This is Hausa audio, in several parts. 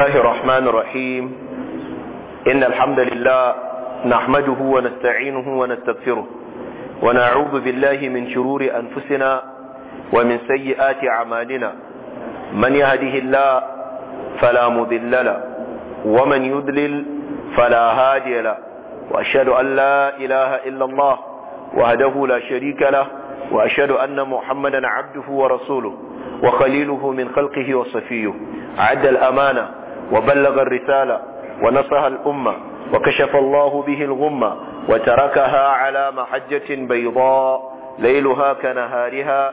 الله الرحمن الرحيم إن الحمد لله نحمده ونستعينه ونستغفره ونعوذ بالله من شرور أنفسنا ومن سيئات أعمالنا من يهده الله فلا مضل له ومن يضلل فلا هادي له وأشهد أن لا إله إلا الله وهده لا شريك له وأشهد أن محمدا عبده ورسوله وخليله من خلقه وصفيه عد الأمانة وبلغ الرسالة ونصها الأمة وكشف الله به الغمة وتركها على محجة بيضاء ليلها كنهارها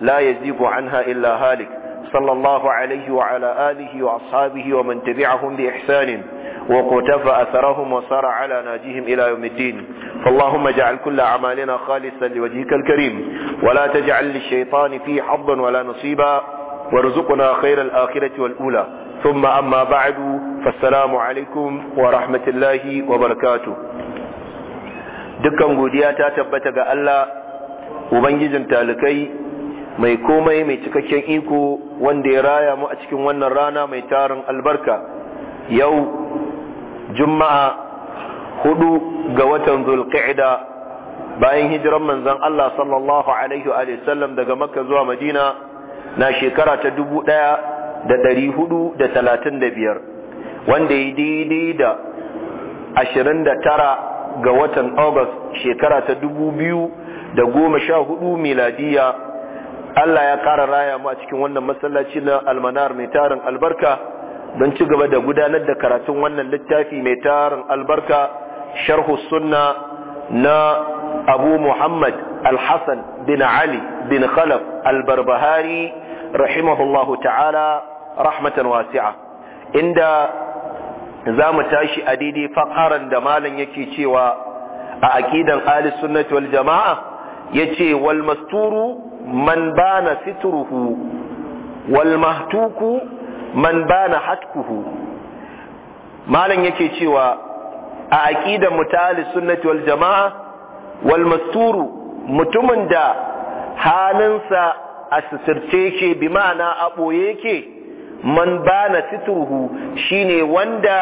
لا يزيب عنها إلا هالك صلى الله عليه وعلى آله وأصحابه ومن تبعهم بإحسان وقتف أثرهم وصار على ناجيهم إلى يوم الدين فاللهم اجعل كل أعمالنا خالصا لوجهك الكريم ولا تجعل للشيطان فيه حظا ولا نصيبا وارزقنا خير الآخرة والأولى ثم أما بعد فالسلام عليكم ورحمة الله وبركاته dukkan godiya ta tabbata ga Allah Ubangijin talikai mai komai mai cikakken iko wanda ya raya mu a cikin wannan rana mai tarin albarka yau juma'a hudu ga watan zulqa'ida bayan hijiran manzon Allah sallallahu alaihi wa sallam daga makka zuwa madina na shekara ta dubu ɗaya da ɗari hudu da talatin da biyar wanda ya daidai da ashirin da tara ga watan agus shekara ta dubu biyu da goma sha hudu miladiya Allah ya ƙara raya mu a cikin wannan masallaci na almanar mai tarin albarka don ci gaba da gudanar da karatun wannan littafi mai tarin albarka sharhu sunna na abu muhammad الحسن بن علي بن خلف البربهاري رحمه الله تعالى رحمة واسعة عند زام تاشي أديدي فقرا دمالا يكي شوى أكيدا آل السنة والجماعة يتي والمستور من بان ستره والمهتوك man bana hatkuhu malam yake cewa a aqidan mutali sunnati wal jamaa wal masturu mutumin da halinsa a sitirce ke bi ma'ana a ɓoye ke man bana situhu shine wanda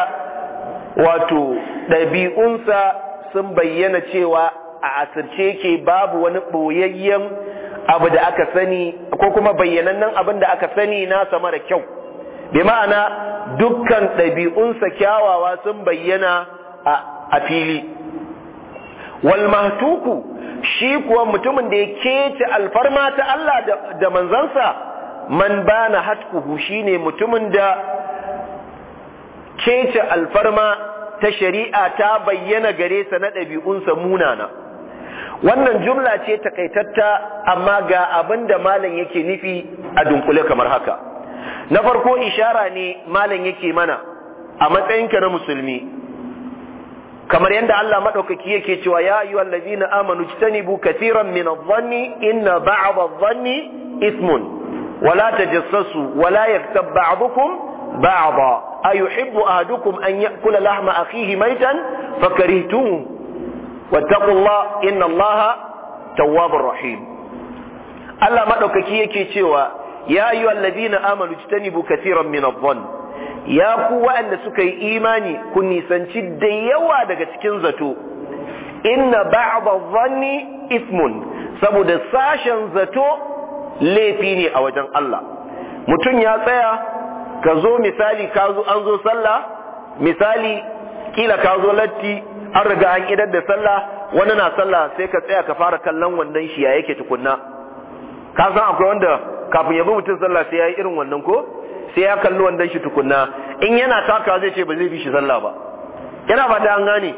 wato ɗabi'unsa sun bayyana cewa a asirce ke babu wani ɓoyayyen abu da aka sani ko kuma bayyanannen abin da aka sani nasa mara kyau bi ma'ana dukkan ɗabi'unsa kyawawa sun bayyana a fili wal mahtuku shi kuwa mutumin da ya kece alfarma ta Allah da manzansa man bana hatkuhu shine mutumin da kece alfarma ta shari'a ta bayyana gare sa na ɗabi'unsa munana wannan jumla ce takaitatta amma ga abin da malam yake nufi a dunkule kamar haka na farko ishara ne malam yake mana a matsayinka na musulmi kamar yadda Allah madaukaki yake cewa ya ayu allazina amanu jtanibu katiran min adh-dhanni inna ba'd adh-dhanni ismun wala tajassasu wala yaktab ba'dukum ba'da ayuhibbu ahadukum an ya'kula lahma akhihi maytan fakarihtum wattaqullaha inna Allaha tawwabur rahim Allah madaukaki yake cewa ya ayu allazina amanu jtanibu katiran min adh-dhanni ya ku waɗanda suka yi imani ku nisanci da yawa daga cikin zato inna ba'da dhanni ismun saboda sashen zato laifi ne a wajen Allah mutum ya tsaya ka zo misali ka zo an zo sallah misali kila ka zo latti an riga an idar da sallah wani na sallah sai ka tsaya ka fara kallon wannan shi ya yake tukunna ka san akwai wanda kafin ya bi mutum sallah sai ya yi irin wannan ko sai ya kalli wandon shi tukunna in yana taka zai ce ba zai bi shi sallah ba yana ba da an gane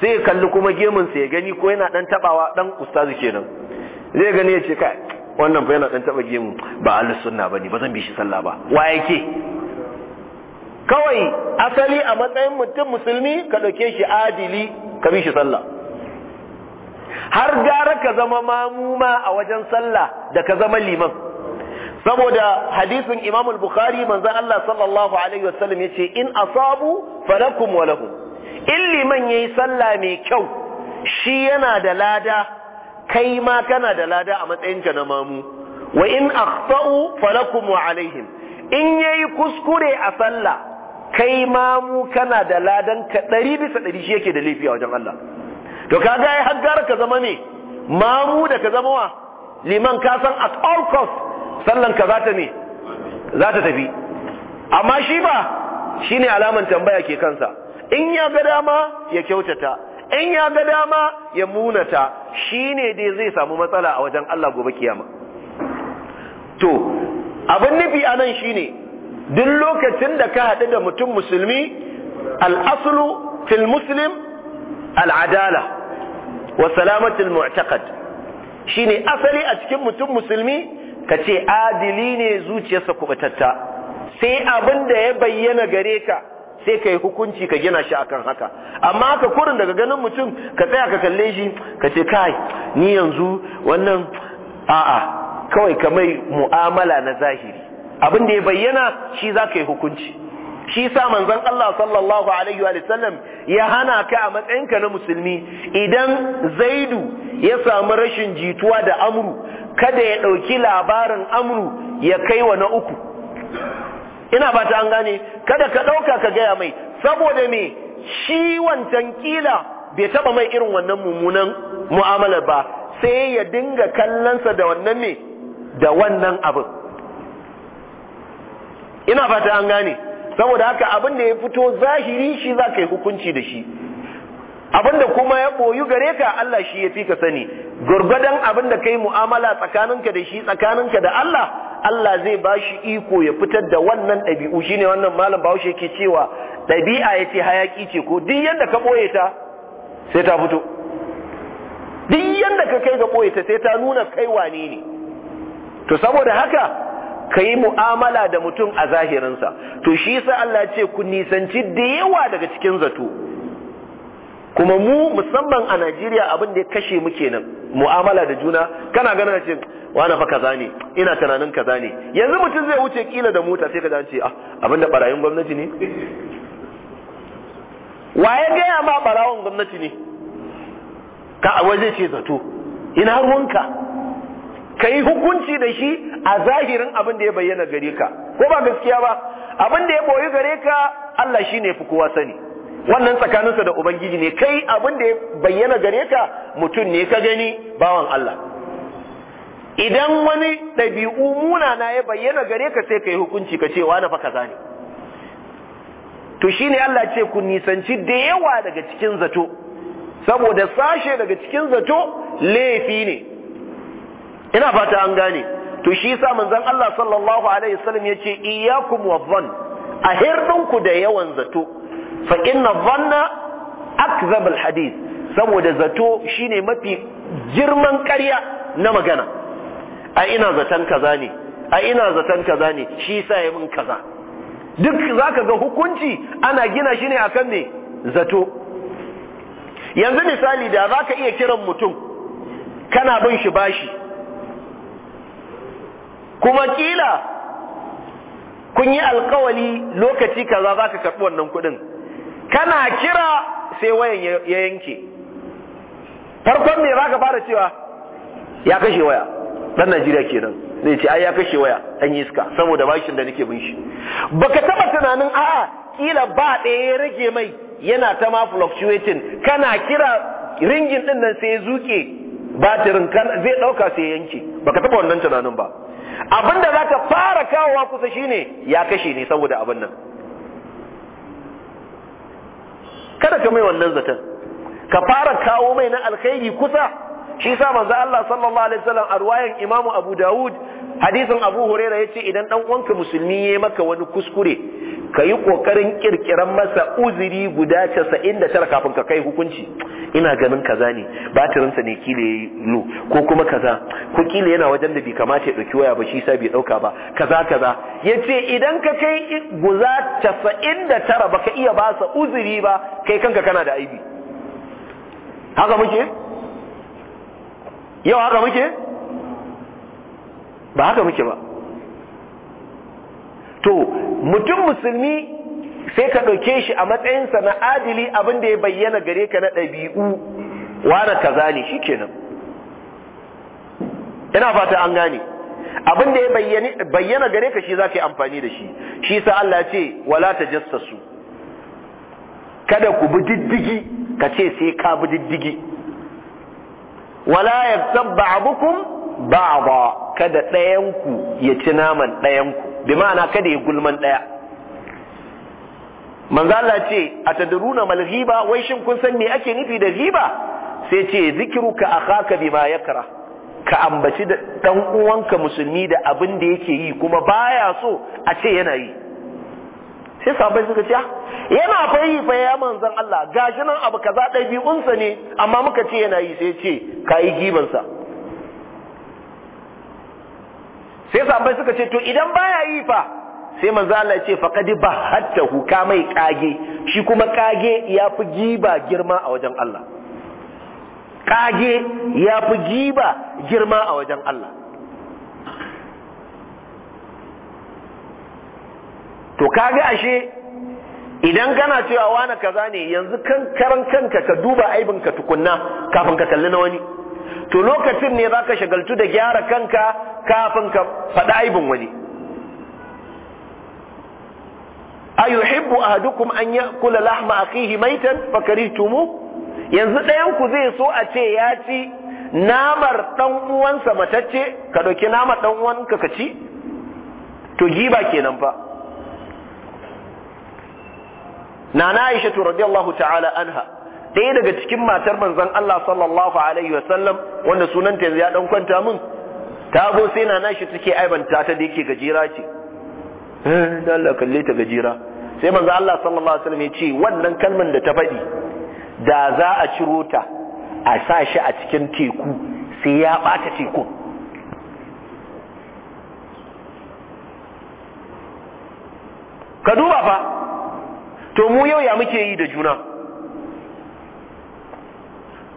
sai ya kalli kuma gemun sa ya gani ko yana dan tabawa dan ustazu kenan zai gani ya ce kai wannan fa yana dan taba gemu ba ahlus sunna bane ba zan bi shi sallah ba wa yake kawai asali a matsayin mutum musulmi ka dauke shi adili ka bi shi sallah har gara ka zama mamuma a wajen sallah da ka zama liman saboda hadisin Imam al-Bukhari manzon Allah sallallahu alaihi wasallam yace in asabu falakum wa lahum in liman yayi sallah mai kyau shi yana da lada kai ma kana da lada a matsayin ka na mamu wa in akhtau falakum wa alaihim in yayi kuskure a sallah kai mamu kana da ladan ka 100 bisa 100 shi yake da laifi wajen Allah to kaga ai har ka zama ne mamu da ka zama wa liman ka san at all cost Sallanka ka za ta ne za ta tafi amma shi ba shine alaman tambaya ke kansa in ya ga dama ya kyautata in ya ga dama ya munata shine dai zai samu matsala a wajen Allah gobe kiyama to abin nufi anan shine duk lokacin da ka haɗu da mutum musulmi al'asulu fil muslim al'adala wa salamatul mu'taqad shine asali a cikin mutum musulmi ka ce adili ne zuciyarsa kubatatta sai abin da ya bayyana gare ka sai ka yi hukunci ka gina shi akan haka amma ka kurin daga ganin mutum ka tsaya ka kalle shi ka ce kai ni yanzu wannan a'a kawai ka mai mu'amala na zahiri abin da ya bayyana shi za ka yi hukunci shi sa manzon Allah sallallahu alaihi wa sallam ya hana ka a matsayinka na musulmi idan zaidu ya samu rashin jituwa da amru kada ya ɗauki labarin amru ya kai wa na uku ina ba ta an gane kada ka ɗauka ka gaya mai saboda me shi wancan kila bai taɓa mai irin wannan mummunan mu'amalar ba sai ya dinga kallonsa da wannan me da wannan abin ina ta an gane saboda haka abin da ya fito zahiri shi za ka yi hukunci da shi abinda kuma ya boyu gare ka Allah shi ya fi ka sani gurgudan abinda kai mu'amala tsakaninka da shi tsakaninka da Allah Allah zai ba shi iko ya fitar da wannan ɗabi'u shine wannan malam Bahaushe ke cewa ɗabi'a yace hayaki ce ko duk yanda ka boye ta sai ta fito duk yadda ka kai ga boye ta sai ta nuna kai wane ne to saboda haka ka yi mu'amala da mutum a zahirinsa to shi sa Allah ce ku nisanci da yawa daga cikin zato kuma mu musamman a Najeriya abin da ya kashe mu kenan mu'amala da juna kana ganin ce wani fa kaza ne ina tunanin kaza ne yanzu mutum zai wuce kila da mota sai kaza ce ah abin da barayin gwamnati ne waye gaya ma barawon gwamnati ne ka a waje ce zato ina ruwanka ka hukunci da shi a zahirin abin da ya bayyana gare ka ko ba gaskiya ba abin da ya boyi gare ka Allah shine fi kowa sani wannan tsakaninsa da ubangiji ne kai abin da ya bayyana gare ka mutum ne ka gani bawan Allah idan wani ɗabi'u munana ya bayyana gare ka sai ka yi hukunci ka ce wani fa kaza ne to shine Allah ce ku nisanci da yawa daga cikin zato saboda sashe daga cikin zato laifi ne ina fata an gane to shi sa manzon Allah sallallahu alaihi wasallam yace iyyakum wa dhann a da yawan zato fa inna dhanna akzab alhadith saboda zato shine mafi girman ƙarya na magana a ina zaton kaza ne a ina zaton kaza ne shi sa ya min kaza duk zaka ga hukunci ana gina shi ne akan me zato yanzu misali da zaka iya kiran mutum kana bin shi bashi kuma kila kun yi alkawali lokaci kaza zaka karɓi wannan kuɗin kana kira sai wayan ya yanke farkon me za ka fara cewa ya kashe waya dan najeriya kenan zai ce ai ya kashe waya dan iska saboda bashin da nake bin shi baka taba tunanin a kila ba ɗaya ya rage mai yana ta ma fluctuating kana kira ringin din nan sai ya zuke batirin kan zai dauka sai yanke baka taba wannan tunanin ba abinda zaka fara kawowa kusa shine ya kashe ne saboda abin nan kada ka mai wannan zaton ka fara kawo mai na alkhairi kusa shi sa manzo Allah sallallahu alaihi wasallam a ruwayan Imam Abu Dawud hadisin abu huraira ya ce idan dan uwanka musulmi ya maka wani kuskure ka yi kokarin kirkiran masa uzuri guda casa'in da tara kafin ka kai hukunci ina ganin kaza ne batirinsa ne kila ya lo ko kuma kaza ko kila yana wajen da bai kamata ya ɗauki waya ba shi sa bai ɗauka ba kaza kaza ya ce idan ka kai guza casa'in da tara baka iya ba sa uzuri ba kai kanka kana da aibi haka muke yau haka muke ba haka muke ba to mutum musulmi sai ka ɗauke shi a matsayinsa na adili abin da ya bayyana gare ka na ɗabi'u wane kaza ne shi kenan ina fata an gane abin da ya bayyana gare ka shi za ka yi amfani da shi shi sa Allah ce wala ta kada ku bi diddigi ka ce sai ka bi diddigi wala ya tsabba abukun ba kada ɗayanku ya ci naman ɗayanku bi ma'ana kada ya gulman ɗaya Manzala Allah ce atadruna mal ghiba wai shin kun san me ake nufi da ghiba sai ce zikruka akhaka bima yakra ka ambaci da dan uwanka musulmi da abin da yake yi kuma baya so a ce yana yi sai sahabbai suka ce ah, yana fayi fa ya manzon Allah gashi nan abu kaza ɗabi'unsa ne amma muka ce yana yi sai ce kayi gibansa sai sahabbai suka ce to idan baya yi fa sai manzo Allah ya ce faqad bahattahu ka mai kage shi kuma kage ya fi giba girma a wajen Allah kage ya fi giba girma a wajen Allah to kage ashe idan kana cewa wani kaza ne yanzu kan kanka ka duba aibinka tukunna kafin ka kalli na wani to lokacin ne zaka shagaltu da gyara kanka kafin ka faɗa aibin wani ayuhibbu ahadukum an kula lahma akhihi maitan fakaritumu yanzu ɗayan ku zai so a ce ya ci namar dan uwansa matacce ka ɗauki namar dan uwanka ka ci to giba kenan fa nana aisha radiyallahu ta'ala anha ɗaya daga cikin matar manzan Allah sallallahu alaihi wasallam wanda sunanta yanzu ya ɗan kwanta min ta zo sai na nashi take aibanta ta da yake gajira ce eh da Allah kalle ta gajira sai manzan Allah sallallahu alaihi wasallam ya ce wannan kalman da ta faɗi da za a ciro ta a sa shi a cikin teku sai ya ɓata teku ka duba fa to mu yau ya muke yi da juna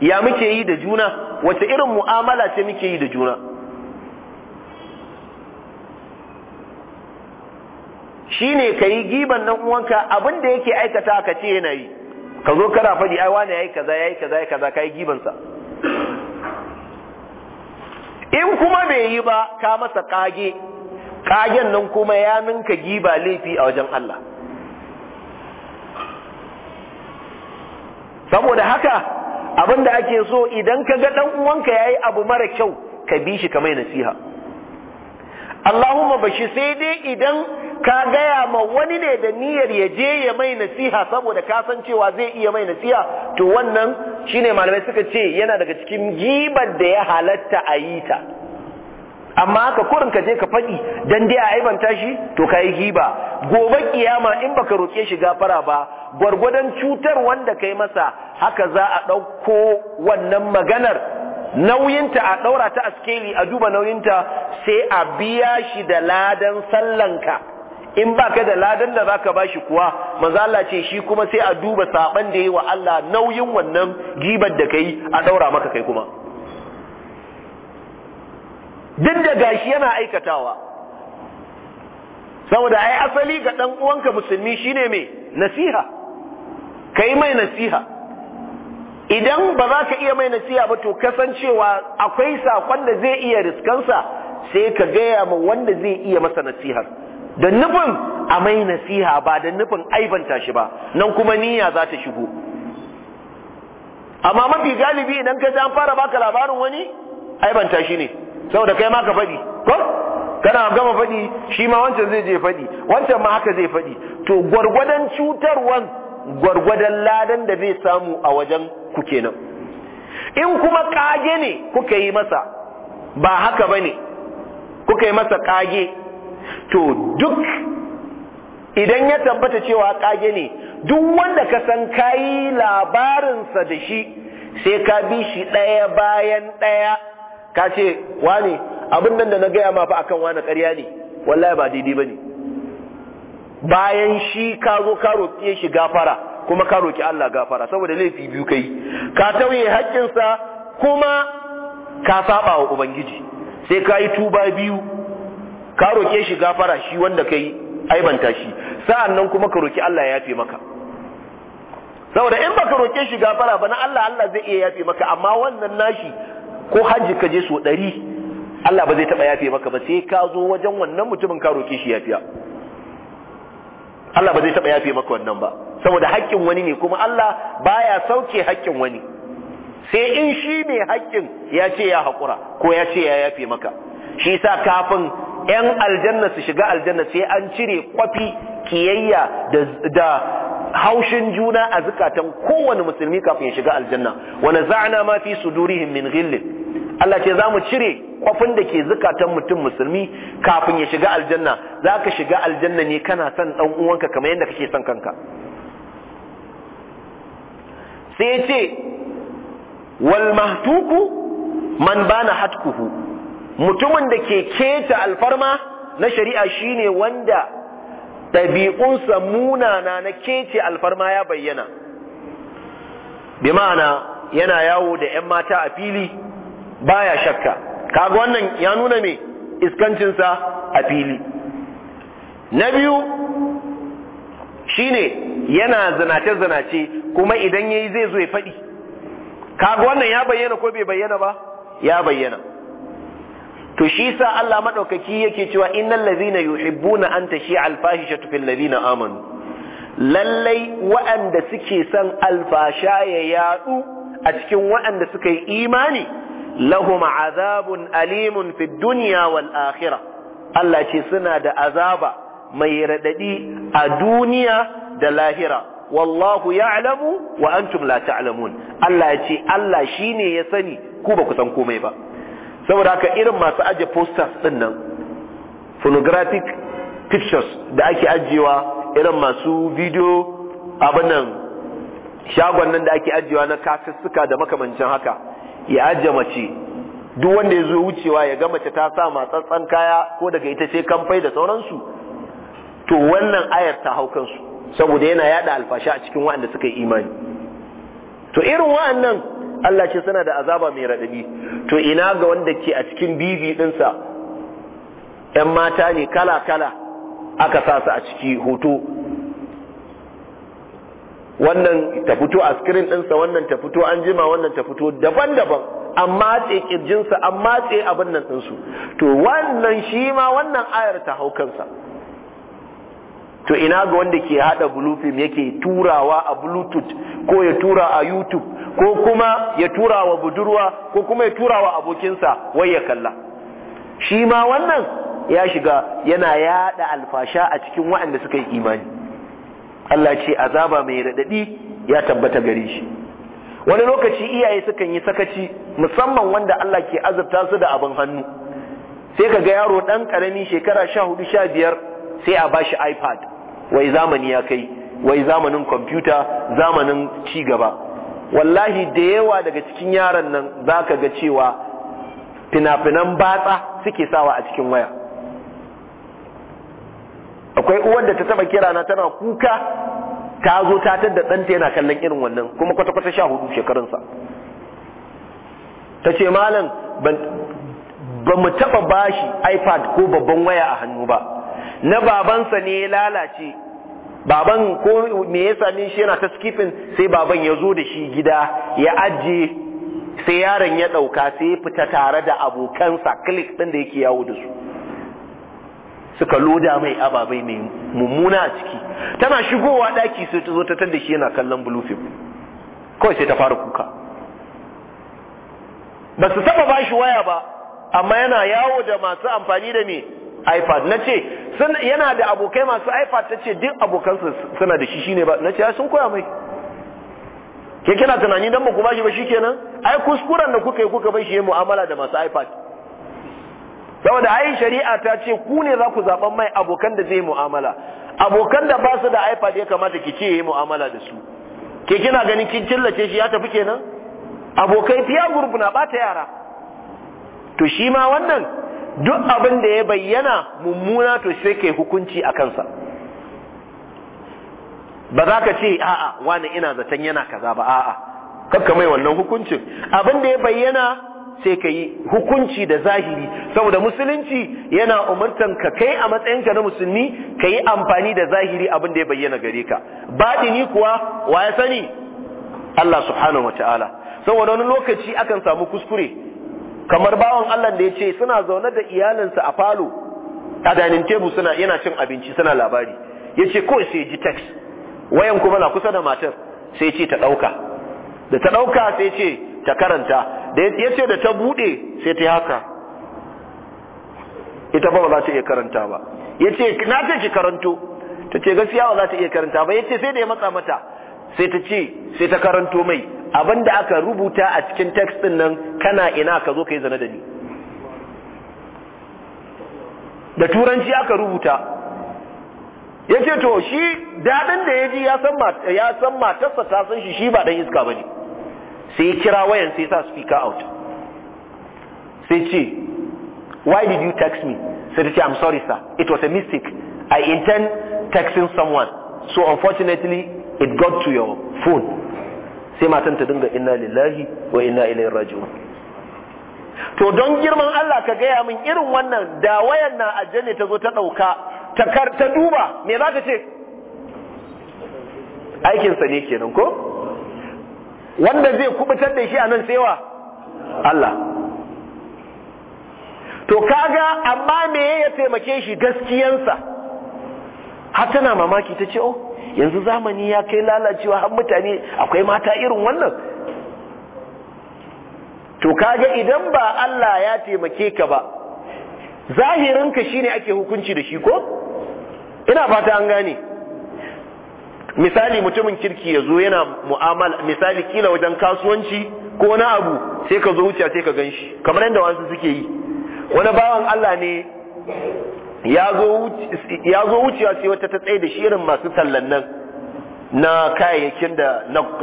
ya muke yi da juna wace irin mu'amala ce muke yi da juna shine ka yi giban nan uwanka abin da yake aikata ka ce yana yi ka zo kana faɗi ai wani yayi kaza yayi kaza yayi kaza kai giban sa in kuma bai yi ba ka masa kage kagen nan kuma ya minka giba laifi a wajen Allah saboda haka abin da ake so idan ka ga dan uwanka yayi abu mara kyau ka bi shi ka mai nasiha Allahumma bashi sai dai idan ka gaya ma wani ne da niyyar ya je ya mai nasiha saboda ka san cewa zai iya mai nasiha to wannan shine malamai suka ce yana daga cikin gibar da ya halatta a yi ta amma haka kurin ka je ka faɗi dan dai a aibanta shi to ka giba gobe kiyama in baka roke shi gafara ba gwargwadon cutar wanda kai masa haka za a ɗauko wannan maganar nauyinta a ɗaura ta askeli a duba nauyinta sai a biya shi da ladan sallanka in ba ka da ladan da zaka ka ba shi kuwa maza ce shi kuma sai a duba saɓan da yi wa Allah nauyin wannan gibar da kai a ɗaura maka kai kuma duk da gashi yana aikatawa saboda ai asali ga dan uwanka musulmi shine me nasiha kai mai nasiha idan ba za ka iya mai nasiha ba to kasancewa akwai sakon da zai iya riskansa sai ka gaya ma wanda zai iya masa nasihar da nufin a mai nasiha ba da nufin aibanta shi ba nan kuma niyya za ta shigo amma mafi galibi idan ka an fara baka labarin wani aibanta shi ne saboda kai ma ka faɗi ko kana gama faɗi shi ma wancan zai je faɗi wancan ma haka zai faɗi to gwargwadon cutarwan gwargwadon ladan da zai samu a wajen ku kenan in kuma kage ne kuka yi masa ba haka bane kuka yi masa kage to duk idan ya tabbata cewa kage ne duk wanda ka san kayi labarinsa da shi sai ka bi shi ɗaya bayan ɗaya ka ce wani abin nan da na gaya ma fa akan wani ƙarya ne wallahi ba daidai bane bayan shi ka zo ka roƙe shi gafara kuma ka roƙi Allah gafara saboda laifi biyu kai ka tauye sa kuma ka saba wa ubangiji sai ka yi tuba biyu ka roƙe shi gafara shi wanda kai aibanta shi sa'an nan kuma ka roƙi Allah ya yafe maka saboda in baka roƙe shi gafara ba na Allah Allah zai iya yafe maka amma wannan nashi ko hajji ka je so ɗari Allah ba zai taɓa yafe maka ba sai ka zo wajen wannan mutumin ka roke shi yafiya Allah ba zai taɓa yafe maka wannan ba saboda haƙƙin wani ne kuma Allah baya sauke haƙƙin wani sai in shi ne haƙƙin ya ce ya haƙura ko ya ce ya yafe maka shi sa kafin 'yan aljanna su shiga aljanna sai an cire kwafi kiyayya da haushin juna a zukatan kowane musulmi kafin ya shiga aljanna wani za'ana ma fi sudurihim min ghillin Allah ce za mu cire kwafin da ke zukatan mutum musulmi kafin ya shiga aljanna za ka shiga aljanna ne kana son ɗan uwanka kamar yadda kake son kanka sai ya ce wal mahtuku man bana hatkuhu mutumin da ke keta alfarma na shari'a shine wanda ɗabi'unsa munana na kece alfarma ya bayyana bi ma'ana yana yawo da 'yan mata a fili baya shakka kaga wannan ya nuna me iskancinsa a fili na biyu shine yana zinace-zinace kuma idan yayi zai zo ya faɗi kaga wannan ya bayyana ko bai bayyana ba ya bayyana to shi sa Allah madaukaki yake cewa innal ladhina yuhibbuna an tashi'a al-fahishatu fil ladhina amanu lallai waɗanda suke son alfasha ya yadu a cikin waɗanda suka yi imani lahuma azabun alimun fi duniya wal akhirah Allah ce suna da azaba mai raɗaɗi a duniya da lahira wallahu ya'lamu wa antum la ta'lamun Allah ce Allah shine ya sani ku ba ku san komai ba saboda haka irin masu aje posters din nan phonographic pictures da ake ajiyewa irin masu video abin nan shagon nan da ake ajiyewa na kasussuka da makamancin haka ya ajiye mace duk wanda ya zo wucewa ya ga mace ta sa matsatsan kaya ko daga ita ce kamfai da sauransu to wannan ayar ta hau kansu saboda yana yada alfasha a cikin waɗanda suka yi imani to irin wa'annan Allah ce suna da azaba mai raɗaɗi to ina ga wanda ke a cikin bibi ɗinsa ‘yan mata ne kala-kala aka sa su a ciki hoto wannan ta fito a screen ɗinsa wannan ta fito an jima wannan ta fito daban-daban an matse kirjinsa an matse abin nan ɗinsu to wannan shi ma wannan ayar ta hau kansa to ina ga wanda ke hada bulufin yake turawa a bluetooth ko ya tura a youtube ko kuma ya tura wa budurwa ko kuma ya tura wa abokinsa wai ya kalla shi ma wannan ya shiga yana yada alfasha a cikin waɗanda suka yi imani Allah ce azaba mai radadi ya tabbata gare shi wani lokaci iyaye sukan yi sakaci musamman wanda Allah ke azabta su da abin hannu sai kaga yaro dan karami shekara sha hudu sha biyar sai a bashi ipad wai zamani ya kai wai zamanin kwamfuta zamanin ci gaba wallahi da yawa daga cikin yaran nan zaka ga cewa fina-finan batsa suke sawa a cikin waya akwai uwar da ta taba kira na tana kuka ta zo ta tadda ɗanta yana kallon irin wannan kuma kwata-kwata sha hudu shekarunsa ta ce malam ba mu taba bashi ipad ko babban waya a hannu ba na babansa ne ya lalace baban ko me ya same shi yana ta skipping sai baban ya zo da shi gida ya ajiye sai yaron ya ɗauka sai ya fita tare da abokansa click ɗin da yake yawo da su suka loda mai ababai mai mummuna a ciki tana shigowa daki sai ta zo ta tada shi yana kallon blue film kawai sai ta fara kuka ba su saba ba shi waya ba amma yana yawo da masu amfani da mai iPad na ce yana da abokai masu iPad ta ce duk abokansu suna da shi shine ba na ce sun koya mai ke kina tunani dan ba ku ba shi ba kenan ai kuskuren da kuka yi kuka bai shi yi mu'amala da masu iPad saboda ai shari'a ta ce ku ne za ku zaɓan mai abokan da zai mu'amala abokan da ba su da iPad ya kamata ki ce yayi mu'amala da su ke kina ganin kin killace shi ya tafi kenan abokai fiya gurbu na bata yara to shi ma wannan duk abin da ya bayyana mummuna to sai kai hukunci a kansa ba za ka ce a'a wani ina zaton yana kaza ba a'a kakka mai wannan hukuncin abin da ya bayyana sai ka yi hukunci da zahiri saboda musulunci yana umurtan ka kai a matsayinka na musulmi ka yi amfani da zahiri abin da ya bayyana gare ka baɗini kuwa wa ya sani Allah subhanahu wataala saboda wani lokaci akan samu kuskure kamar bawan Allah da ya ce suna zaune da iyalinsa a falo a danin tebu suna yana cin abinci suna labari ya ce kawai sai ji text wayan kuma na kusa da matar sai ce ta ɗauka da ta ɗauka sai ce ta karanta da ya ce da ta bude sai ta haka ita ba za ta iya karanta ba ya ce na ce ki karanto ta ce gaskiya ba za ta iya karanta ba ya ce sai da ya matsa mata sai ta ce sai ta karanto mai abinda aka rubuta a cikin text din nan kana ina ka zo ka yi zane da ni da turanci aka rubuta ya ce to shi daɗin da ya ji ya san matarsa ta san shi shi ba dan iska ba ne sai kira wayan sai sa speaker out sai ce why did you text me sai ta ce i'm sorry sir it was a mistake i intend texting someone so unfortunately it got to your phone sai matan ta dinga inna lillahi wa inna ilaihi raji'un to don girman Allah ka gaya min irin wannan da wayan na ajane ta zo ta dauka ta kar ta duba me za ta ce aikinsa ne kenan ko wanda zai kubutar da shi a nan tsewa Allah to kaga amma me ya taimake shi gaskiyansa har tana mamaki ta ce oh yanzu zamani ya kai lalacewa har mutane akwai mata irin wannan to kaga idan ba Allah ya taimake ka ba zahirinka ne ake hukunci da shi ko ina fata an gane misali mutumin kirki ya zo yana mu'amala misali kila wajen kasuwanci ko wani abu sai ka zo wuce sai ka gan shi kamar yadda wasu suke yi wani bawan Allah ne ya zo wucewa sai wata ta tsaye da shirin masu tallan nan na kayayyakin da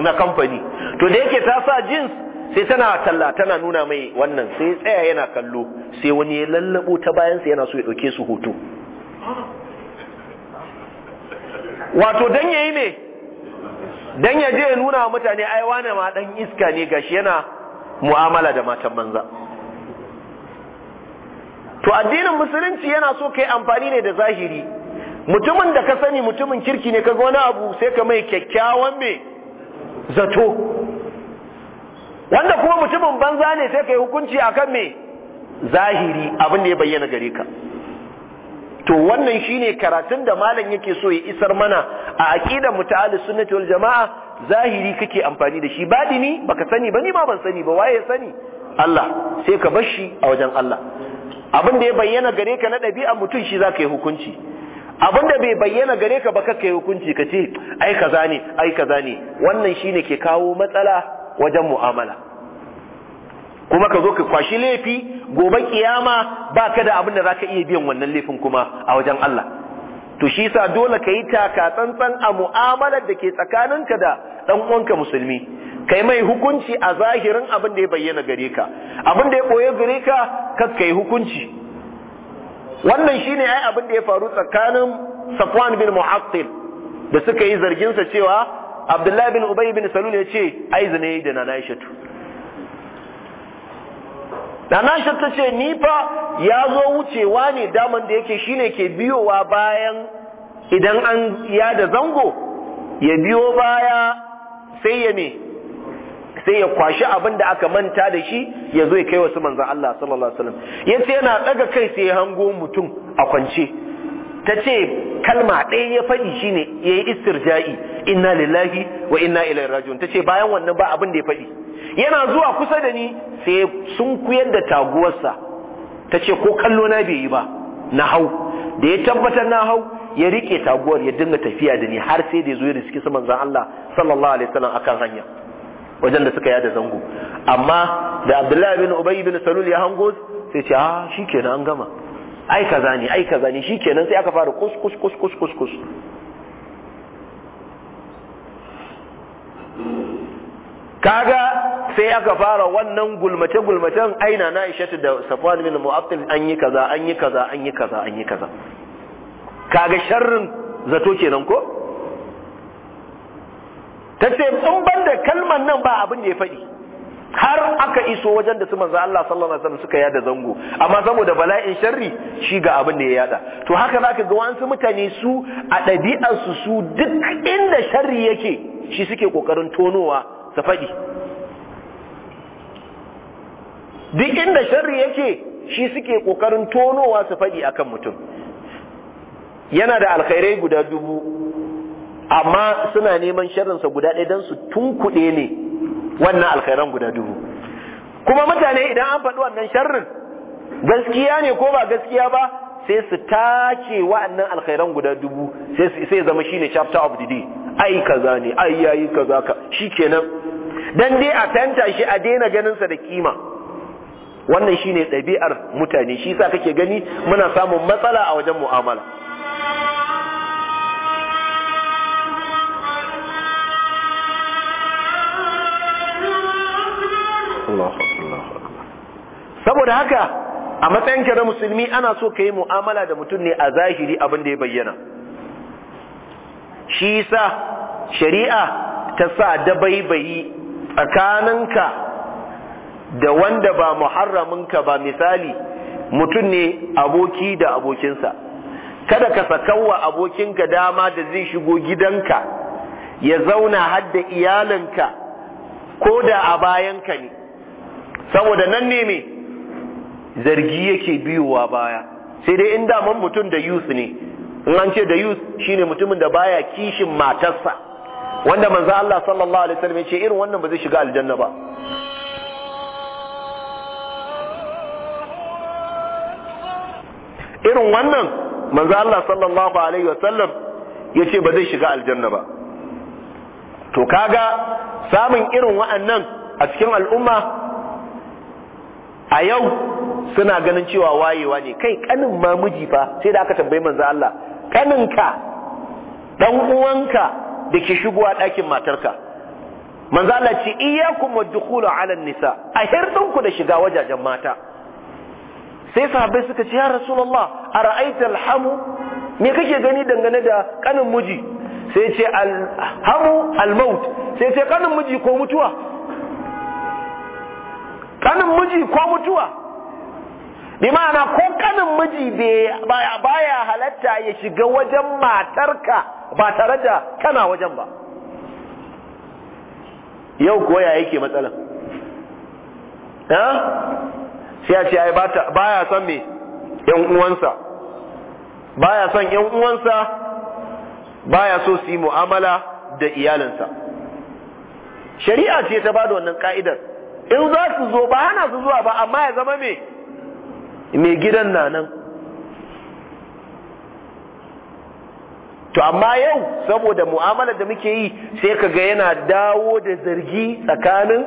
na kamfani to da yake ta sa jeans sai tana talla tana nuna mai wannan sai tsaya yana kallo sai wani ya lallabo ta bayan bayansa yana so ya ɗauke su hoto wato dan yayi me dan ya je ya nuna wa mutane aiwa ne ma dan iska ne gashi yana mu'amala da matan banza to addinin musulunci yana so ka yi amfani ne da zahiri mutumin da ka sani mutumin kirki ne kaga wani abu sai ka mai kyakkyawan me zato wanda kuma mutumin banza ne sai ka yi hukunci akan me zahiri abin da ya bayyana gare ka to wannan shine karatun da malam yake so ya isar mana a aqidar mu ta wal jamaa zahiri kake amfani da shi badini baka sani ba ni ma ban sani ba waye sani Allah sai ka bar shi a wajen Allah abin da ya bayyana gare ka na dabi'a mutum shi zaka yi hukunci abin da bai bayyana gare ka ba kaka yi hukunci kace, ai kaza ne ai kaza ne wannan shine ke kawo matsala wajen mu'amala kuma ka zo ka kwashi laifi gobe kiyama ka da abin da za ka iya biyan wannan laifin kuma a wajen Allah to shi yasa dole ka yi taka tsantsan a mu'amalar da ke tsakaninka da dan uwanka musulmi kai mai hukunci a zahirin abin da ya bayyana gare ka abin da ya ɓoye gare ka ka yi hukunci wannan shine ai abin da ya faru tsakanin Safwan bin Mu'attil da suka yi zarginsa cewa Abdullahi bin Ubay bin Salul ya ce ai zina yi da na Aisha Nana Aisha ta ce ni fa ya zo wucewa ne daman da yake shine ke biyowa bayan idan an ya da zango ya biyo baya sai ya me sai ya kwashi abin da aka manta da shi ya zo ya kai wasu manzan Allah sallallahu alaihi wasallam yace yana daga kai sai ya hango mutum a kwance ta ce kalma ɗaya ya faɗi shine ya yi istirja'i inna lillahi wa inna ilaihi rajiun ta ce bayan wannan ba abin da ya faɗi yana zuwa kusa da ni sai sun kuyar da taguwarsa ta ce ko kallo na bai yi ba na hau da ya tabbatar na hau ya rike taguwar ya dinga tafiya da ni har sai da ya zo ya riski saman zan Allah sallallahu alaihi wasallam akan hanya wajen da suka yada zango amma da Abdullahi bin Ubay bin Salul ya hango sai ce ah shikenan an gama ai kaza ne ai kaza ne shikenan sai aka fara kus kus kus kus kus kus kaga sai aka fara wannan gulmace gulmacen aina na ishatu da safwan bin mu'attil an yi kaza an yi kaza an yi kaza an yi kaza kaga sharrin zato kenan ko tace in banda kalman nan ba abin da ya faɗi har aka iso wajen da su manzo Allah sallallahu alaihi wasallam suka yada zango amma saboda bala'in sharri shi ga abin da ya yada to haka zaka ga wasu mutane su a ɗabi'ar su su duk inda sharri yake shi suke kokarin tonowa su faɗi duk inda sharri yake shi suke kokarin tonowa su faɗi akan mutum yana da alkhairai guda dubu amma suna neman sharrinsa guda ɗaya don su tunkuɗe ne wannan alkhairan guda dubu kuma mutane idan an faɗi wannan sharrin gaskiya ne ko ba gaskiya ba sai su tace wa'annan alkhairan guda dubu sai sai zama shine chapter of the day ai kaza ne ai yayi kaza ka shikenan dan dai a tanta shi a daina ganin sa da kima wannan shine ɗabi'ar mutane shi sa kake gani muna samun matsala a wajen mu'amala saboda haka a matsayinka na musulmi ana so ka yi mu'amala da mutum ne a zahiri abin da ya bayyana shi sa shari'a ta sa dabaibayi tsakaninka da wanda ba muharraminka ba misali mutum ne aboki da abokinsa kada ka sakawa abokinka dama da zai shigo gidanka ya zauna hadda iyalinka ko da a bayanka ne saboda nan ne mai zargi yake biyowa baya sai dai in daman mutum da youth ne in an ce da youth shine mutumin da baya kishin matarsa wanda manzo Allah sallallahu alaihi wasallam ya ce irin wannan ba zai shiga aljanna ba irin wannan manzo Allah sallallahu alaihi wasallam ya ce ba zai shiga aljanna ba to kaga samun irin wa'annan a cikin al'umma a yau suna ganin cewa wayewa ne kai kanin ma miji fa sai da aka tambayi manzo Allah kaninka dan uwanka da ke shigowa ɗakin matarka manzo Allah ce iyyakum wadkhulu ala nisa a ku da shiga wajajen mata sai sahabbai suka ce ya rasulullah ara'aita alhamu me kake gani dangane da kanin miji sai ce alhamu almaut sai ce kanin miji ko mutuwa kanin miji ko mutuwa bi ko kanin miji baya halatta ya shiga wajen matarka ba tare da kana wajen ba yau kuwa ya yake matsalan sai ya ce ai baya son me yan uwansa baya son yan uwansa baya so su yi mu'amala da iyalinsa shari'a ce ta bada wannan ka'idar in za su zo ba hana su zuwa ba amma ya zama me mai gidan na nan to amma yau saboda mu'amalar da muke yi sai ka ga yana dawo da zargi tsakanin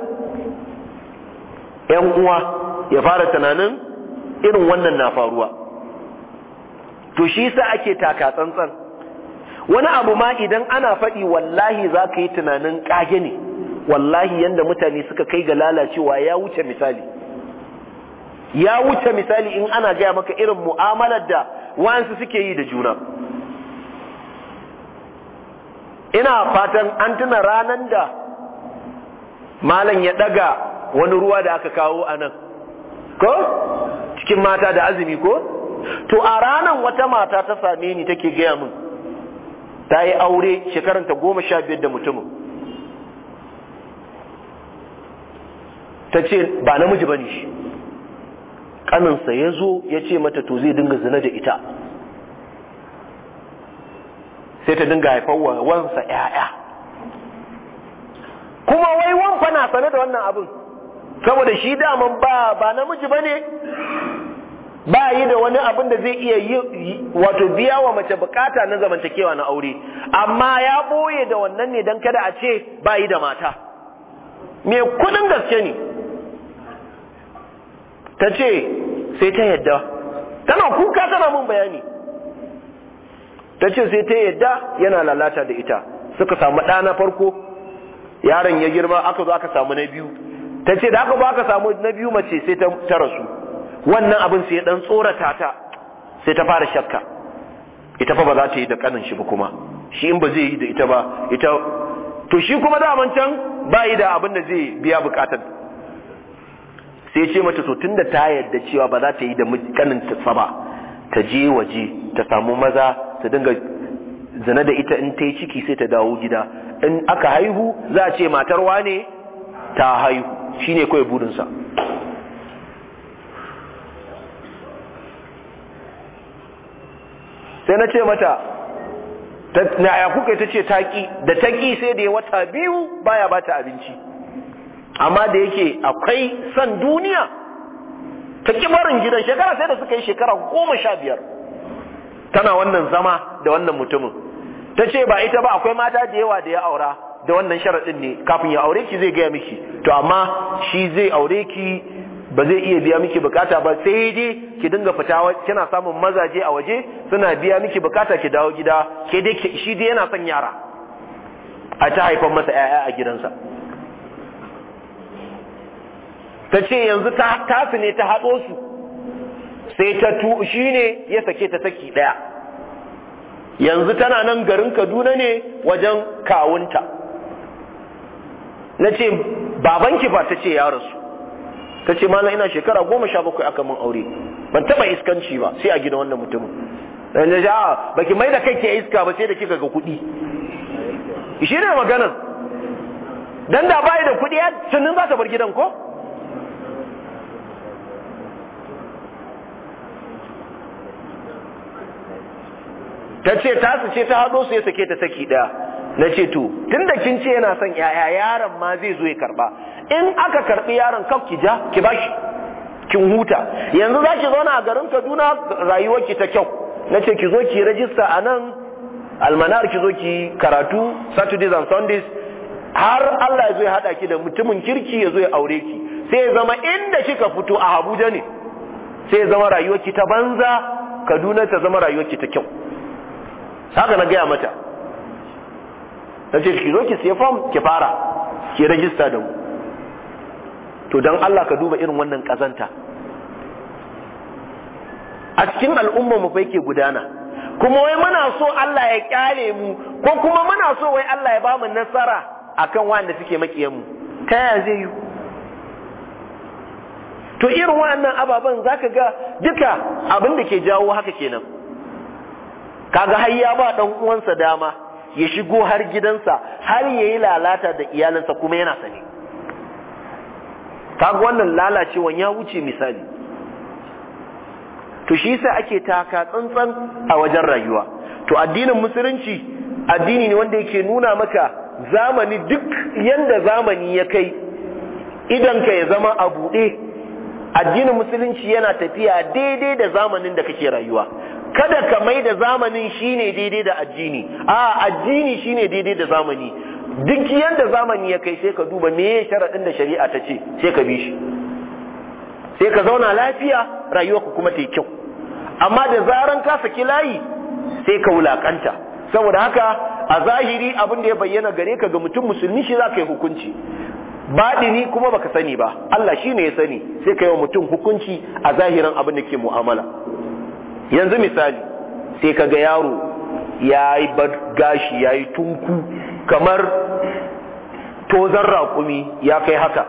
yan uwa ya fara tunanin irin wannan na faruwa to shi sa ake taka tsantsan wani abu ma idan ana faɗi wallahi za ka yi tunanin kage ne wallahi yanda mutane suka kai ga lalacewa ya wuce misali ya wuce misali in ana gaya maka irin mu'amalar da wa'ansu suke yi da juna ina fatan an tuna ranar da malam ya daga wani ruwa da aka kawo a nan ko cikin mata da azumi ko to a ranan wata mata ta same ni take gaya min ta yi aure shekaranta goma sha biyar da mutumin ta ce ba namiji ba ne shi kaninsa ya zo ya ce mata to zai dinga zina da ita sai ta dinga haifar wa wansa ‘ya'ya kuma wai wanfa na sane da wannan abin saboda shi daman ba ba namiji ba ne ba yi da wani abin da zai iya yi wato biya wa mace bukata na zamantakewa na aure amma ya ɓoye da wannan ne don kada a ce ba yi da mata mai kudin gaske ne ta ce sai ta yadda tana kuka tana mun bayani ta ce sai ta yadda yana lalata da ita suka samu ɗa na farko yaron ya girma aka zo aka samu na biyu ta ce da aka ba aka samu na biyu mace sai ta rasu wannan abin sai ya ɗan tsorata ta sai ta fara shakka ita fa ba za ta yi da ƙanin shi ba kuma shi in ba zai yi da ita ba ita to shi kuma da can ba yi da abin da zai biya bukatar sai ce mata to tunda ta yarda cewa ba za ta yi da kanin ta ba ta je waje ta samu maza ta dinga zina da ita in ta yi ciki sai ta dawo gida in aka haihu za a ce matar wane ta haihu shine kawai sa. sai na ce mata na ya kuka ta ce taƙi da taƙi sai da ya wata biyu baya bata abinci amma da yake akwai san duniya ta kibarin gidan shekara sai da suka yi shekara goma sha biyar tana wannan zama da wannan mutumin ta ce ba ita ba akwai mata da yawa da ya aura da wannan sharaɗin ne kafin ya aure ki zai gaya miki to amma shi zai aure ki ba zai iya biya miki bukata ba sai dai ki dinga fita kina samun mazaje a waje suna biya miki bukata ki dawo gida ke dai shi dai yana son yara a ta haifan masa 'ya'ya a gidansa ta ce yanzu ta kafi ne ta haɗo su sai ta tu shi ne ya sake ta saki ɗaya yanzu tana nan garin kaduna ne wajen kawunta na ce babanki ba ta ce ya rasu ta ce malam ina shekara goma sha bakwai aka mun aure ban taɓa iskanci ba sai a gina wannan mutumin da a baki mai da kai ke iska ba sai da kika ga kuɗi shi ne maganar dan da bayi da kuɗi ya tunin za ta bar gidan ko ta ce ta su ce ta haɗo su ya sake ta saki ɗaya na ce to tun da kin ce yana son yaya yaron ma zai zo ya karɓa in aka karɓi yaron kaf ki ja ki shi kin huta yanzu za ki zauna a garin kaduna rayuwarki ta kyau na ce ki zo ki rajista a nan almanar ki zo ki karatu saturdays and sundays har allah ya zo ya haɗa ki da mutumin kirki ya zo ya aure ki sai ya zama inda kika fito a abuja ne sai ya zama rayuwarki ta banza kaduna ta zama rayuwarki ta kyau haka na gaya mata ta ce ki zo ki siya fam ki fara ki rajista da mu to don Allah ka duba irin wannan kazanta a cikin al'umma mu fai ke gudana kuma wai muna so Allah ya kyale mu ko kuma muna so wai Allah ya bamu nasara akan wanda suke makiyan mu ta yaya zai yi to irin wannan ababen zaka ga duka abin da ke jawo haka kenan kaga har ya ba dan uwansa dama ya shigo har gidansa har yayi lalata da iyalansa kuma yana sane kaga wannan lalacewan ya wuce misali to shi yasa ake taka tsantsan a wajen rayuwa to addinin musulunci addini ne wanda yake nuna maka zamani duk yanda zamani ya kai idan ka ya zama a buɗe addinin musulunci yana tafiya daidai da zamanin da kake rayuwa kada ka mai da zamanin shine daidai da addini a addini shine daidai da zamani duk yanda zamani ya kai sai ka duba me sharadin da shari'a ta ce sai ka bi shi sai ka zauna lafiya rayuwarka kuma ta yi kyau amma da zaran ka saki layi sai ka wulakanta saboda haka a zahiri abin da ya bayyana gare ka ga mutum musulmi shi za ka yi hukunci baɗi ni kuma baka sani ba Allah shi ne ya sani sai ka yi wa mutum hukunci a zahirin abin da ke mu'amala yanzu misali sai ka ga yaro ya yi gashi ya yi tunku kamar tozon raƙumi ya kai haka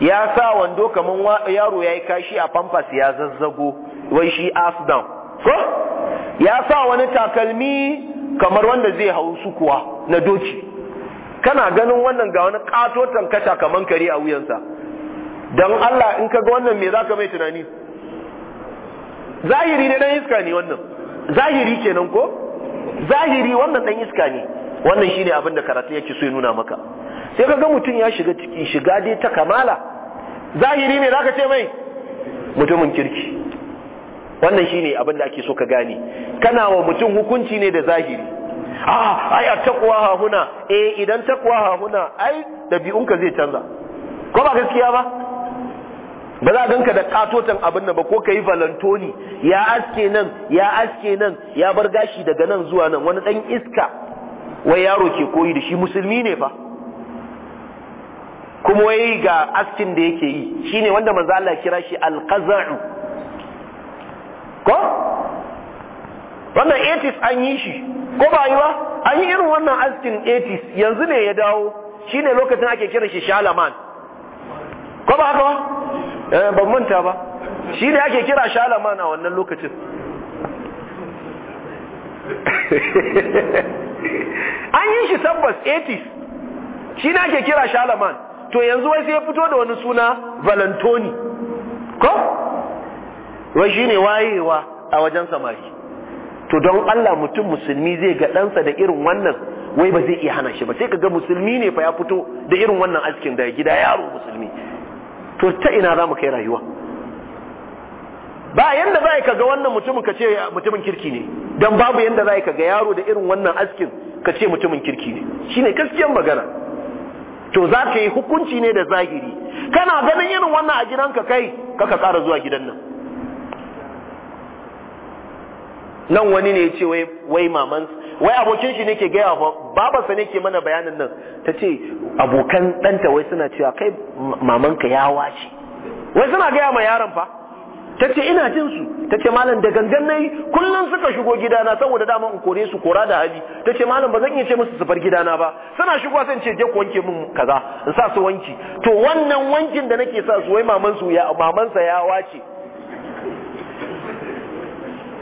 ya sa wando kamar yaro ya yi kashi a pampas ya zazzago wai shi ass ya sa wani takalmi kamar wanda zai hau sukuwa na doki kana ganin wannan ga wani katotan kasha kaman kare a wuyansa don Allah in ka ga wannan me za ka mai tunani zahiri ne dan iska ne wannan zahiri kenan ko zahiri wannan dan iska ne wannan shine abin da karatu yake so ya nuna maka sai ka ga mutum ya shiga ciki shiga dai ta kamala zahiri ne zaka ce mai mutumin kirki wannan shine abin da ake so ka gane kana wa mutum hukunci ne da zahiri a ai takwa ha huna eh idan takwa ha huna ai dabi'unka zai canza ko ba gaskiya ba ba za a ganka da katotan abin nan ba ko kai valentoni ya aske nan ya aske nan ya bar gashi daga nan zuwa nan wani dan iska wai yaro ke koyi da shi musulmi ne fa kuma wai ga askin da yake yi shine wanda manzo Allah kira shi al ko wannan 80s an yi shi ko ba yi ba an yi irin wannan askin 80s yanzu ne ya dawo Shi ne lokacin ake kira shi shalaman ko ba haka ba eh, ban manta ba Shi ne ake kira shalaman a wannan lokacin an yi shi tabbas 80s ne ake kira shalaman to yanzu wai sai ya fito da wani suna valentoni ko wai shi ne wayewa a wajen samari to don Allah mutum musulmi zai ga ɗansa da irin wannan wai ba zai iya hana shi ba sai ga musulmi ne fa ya fito da irin wannan askin da gida yaro musulmi to ta ina za mu kai rayuwa ba yanda za ka ga wannan mutumin ka ce mutumin kirki ne don babu yanda za ka ga yaro da irin wannan askin ka ce mutumin kirki ne shine gaskiyar magana to za ka yi hukunci ne da zahiri kana ganin irin wannan a gidanka kai kaka ƙara zuwa gidan nan nan wani ne ya ce wai maman wai abokin shi ne ke gaya ba babansa ne ke mana bayanin nan ta ce abokan ɗanta wai suna cewa kai mamanka ya wace wai suna gaya ma yaron fa ta ce ina jin su ta ce malam da gangan nayi kullum suka shigo gidana saboda dama in kore su kora da hali ta ce malam ba zan iya ce musu su gidana ba suna shigo sai ce je ku wanke min kaza in sa su wanki to wannan wankin da nake sa su wai maman mamansa ya wace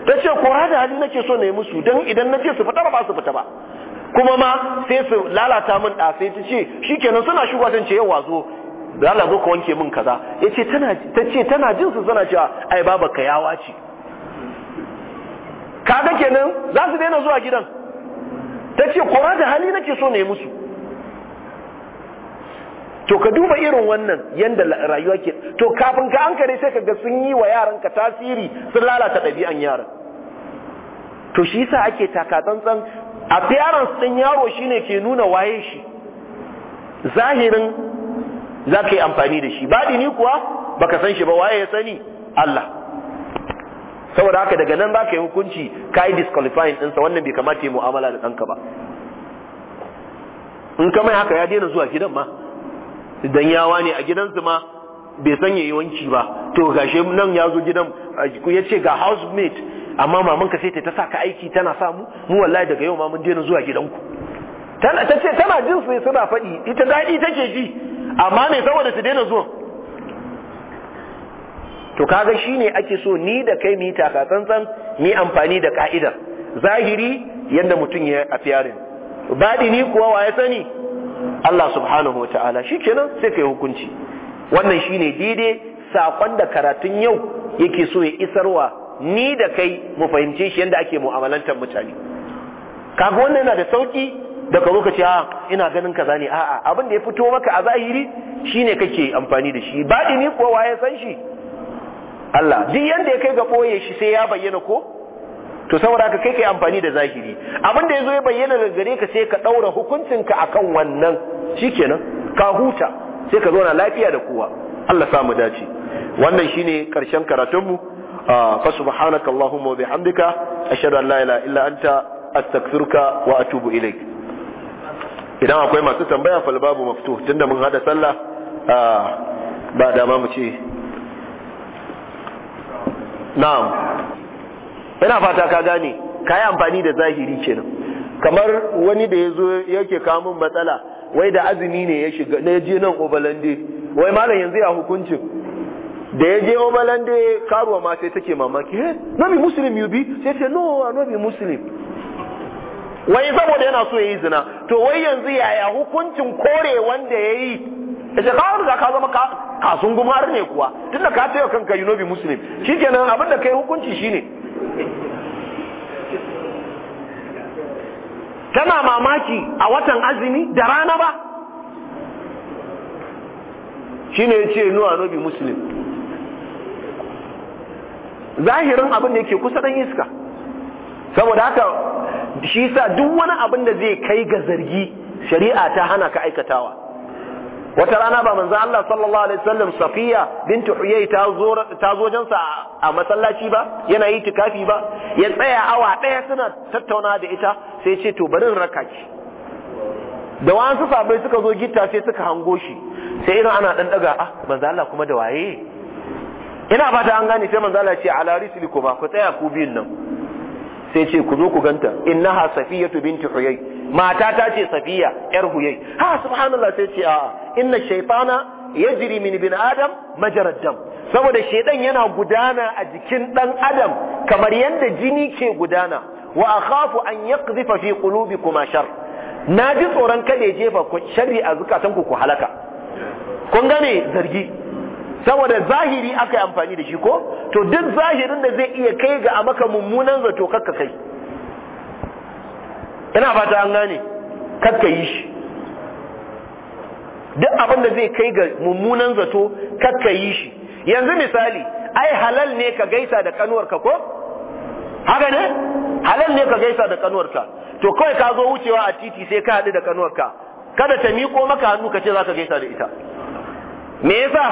ta ce kora da hali nake so na yi musu don idan na ce su fita ba su fita ba kuma ma sai su lalata min da sai ta ce shi kenan suna shigo ta ce yawa zo lala zo ka wanke min kaza yace ce ta ce tana jin su suna cewa ai baba ka yawa ce kaga kenan za su daina zuwa gidan ta ce kora da hali nake so na yi musu to ka duba irin wannan yanda rayuwa ke to kafin ka ankare sai ka ga sun yi wa yaran ka tasiri sun lalata ɗabi'an yaran to shi yasa ake taka tsantsan appearance ɗin yaro shine ke nuna waye shi zahirin za ka yi amfani da shi baɗi ni kuwa baka san shi ba waye ya sani Allah saboda haka daga nan baka yi hukunci ka yi disqualifying ɗinsa wannan bai kamata yi mu'amala da ɗanka ba in ka mai haka ya daina zuwa gidan ma idan yawa ne a gidansu ma bai san yayi wanki ba to gashi nan ya zo gidan ya ce ga housemate amma maman ka sai ta sa ka aiki tana sa mu mu wallahi daga yau ma mun daina zuwa gidanku tana tace tana jin su suna faɗi ita daɗi take ji amma me saboda su daina zuwa to kaga shine ake so ni da kai mu yi tsantsan ni amfani da ka'idar zahiri yadda mutum ya afiyarin ni kuwa wa ya sani Allah subhanahu wa ta'ala shi kenan sai yi hukunci wannan shine daidai sakon da karatun yau yake so ya isarwa ni da kai mu fahimce shi yadda ake mu'amalantar mutane kaga wannan yana da sauki da ka ce ah, ina ganin kaza ne a'a abin da ya fito maka a zahiri ne kake amfani da shi baɗi ni kuwa ya san shi Allah duk yanda ya kai ga boye shi sai ya bayyana ko to saboda ka kai kai amfani da zahiri abin da yazo ya bayyana daga gare ka sai ka daura ka akan wannan shikenan ka huta sai ka zauna lafiya da kowa Allah sa mu dace wannan shine karshen karatunmu fa subhanaka allahumma wa bihamdika ashhadu an la ilaha illa anta astaghfiruka wa atubu ilaik idan akwai masu tambaya fal babu maftuh tunda mun hada sallah ba dama mu ce na'am ina fata ka gane ka yi amfani da zahiri kenan kamar wani da ya zo yake kamun matsala wai da azumi ne ya shiga na je nan obalande wai malam yanzu ya hukuncin da ya je obalande karuwa ma sai take mamaki he eh, no be muslim you be sai ce no no be muslim wai saboda yana so yayi zina to wai yanzu yaya hukuncin kore wanda yayi yace ka riga ka zama kasun gumar ne kuwa tunda ka ce kanka you no be muslim shikenan abin da kai hukunci shine tana mamaki a watan azumi da rana ba Shi ne yace nuwa nobi musulun. zahirin abin da yake kusa dan iska saboda haka shi sa duk wani abin da zai kai ga zargi shari'a ta hana ka aikatawa wata rana ba manzo Allah sallallahu alaihi wasallam Safiya bintu Huyay ta zo ta zo jansa a masallaci ba yana yi tikafi ba ya tsaya awa daya suna tattauna da ita sai ce to bari in raka ki da su sabai suka zo gitta sai suka hango shi sai irin ana dan daga ah manzo Allah kuma da waye ina fata an gane sai manzo Allah ya ce ala risli kuma ku tsaya ku biyun nan sai ce ku zo ku ganta innaha safiyatu Bintu huyay mata ta ce safiya yar huyai ha subhanallah sai ce a inna shaytana yajri min bin adam majarad dam saboda shaydan yana gudana a jikin dan adam kamar yanda jini ke gudana wa akhafu an yaqdhifa fi qulubikum shar na ji tsoron kada ya jefa sharri a zukatanku ku halaka kun gane zargi saboda zahiri aka yi amfani da shi ko to duk zahirin da zai iya kai ga a maka mummunan zato kakka kai yana fata an gane kakka yi shi duk abin da zai kai ga mummunan zato kakka yi shi yanzu misali ai halal ne ka gaisa da kanuwarka ko haka ne halal ne ka gaisa da kanuwarka to kawai ka zo wucewa a titi sai ka haɗu da kanuwarka kada ta miƙo maka hannu ka ce za ka gaisa da ita me yasa